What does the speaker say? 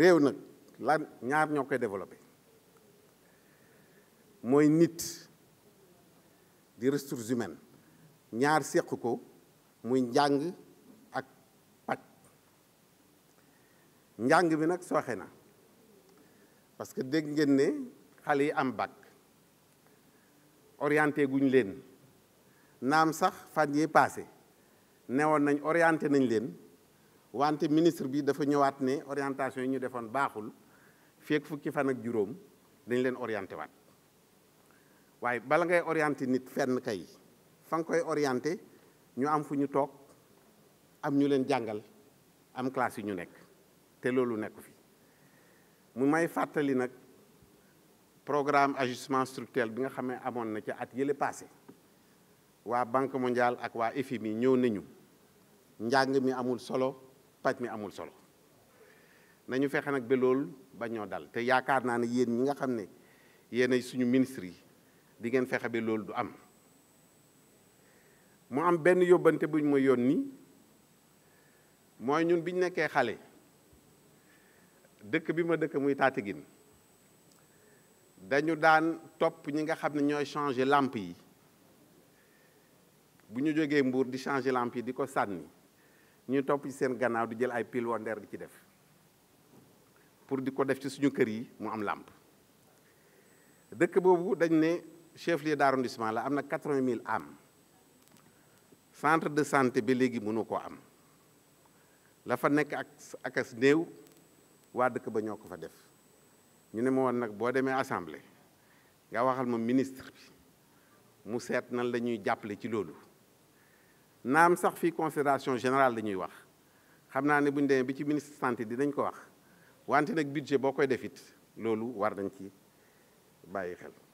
réew nag lan ñaar ñoo koy développé mooy nit di ressources humaines ñaar séq ko muy njàng ak paj njàng bi nag soxe na parce que dégg ngeen ne xale yi am bac orienté guñ leen naam sax fan yi passé newoon nañ orienté nañ leen wante ministre bi dafa ñëwaat ne orientation yi ñu defoon baaxul feek fukki fan ak juróom dañ leen orienté waat waaye bala ngay orienté nit fenn kay fa nga koy orienté ñu am fu ñu toog am ñu leen jàngal am classe yu ñu nekk te loolu nekku fi mu may fàttali nag programme ajustement structurel bi nga xamee ne amoon na ca at yële passé waa banque mondiale ak waa mi ñëw nañu njàng mi amul solo paj mi amul solo nañu fexe nag ba loolu ba ñoo dal te yaakaar naa ne yéen ñi nga xam ne yéenay suñu ministre yi di ngeen fexe bi loolu du am mu am benn yóbbante buñ ma yónni mooy ñun biñ nekkee xale dëkk bi ma dëkk muy Tataguine dañu daan topp ñi nga xam ne ñooy changer làmp yi bu ñu jógee mbuur di changer làmp yi di ko sànni ñu topp ci seen gannaaw di jël ay pile wandeer di ci def pour di ko def ci suñu kër yi mu am làmp dëkk boobu dañ ne chef lieu d'arrondissement la am na quatre-vingt mille âmes centre de santé ba léegi mënu koo am la fa nekk ak akas néew waa dëkk ba ñoo ko fa def ñu ne ma woon nag boo demee assemblée nga waxal ma ministre bi mu seet nan la ñuy jàppale ci loolu naam sax fii considération générale la ñuy wax xam naa ne bu ñu demee bi ci ministre santé dinañ ko wax wante nag budget boo koy defit loolu war nañ ci bàyyi xel.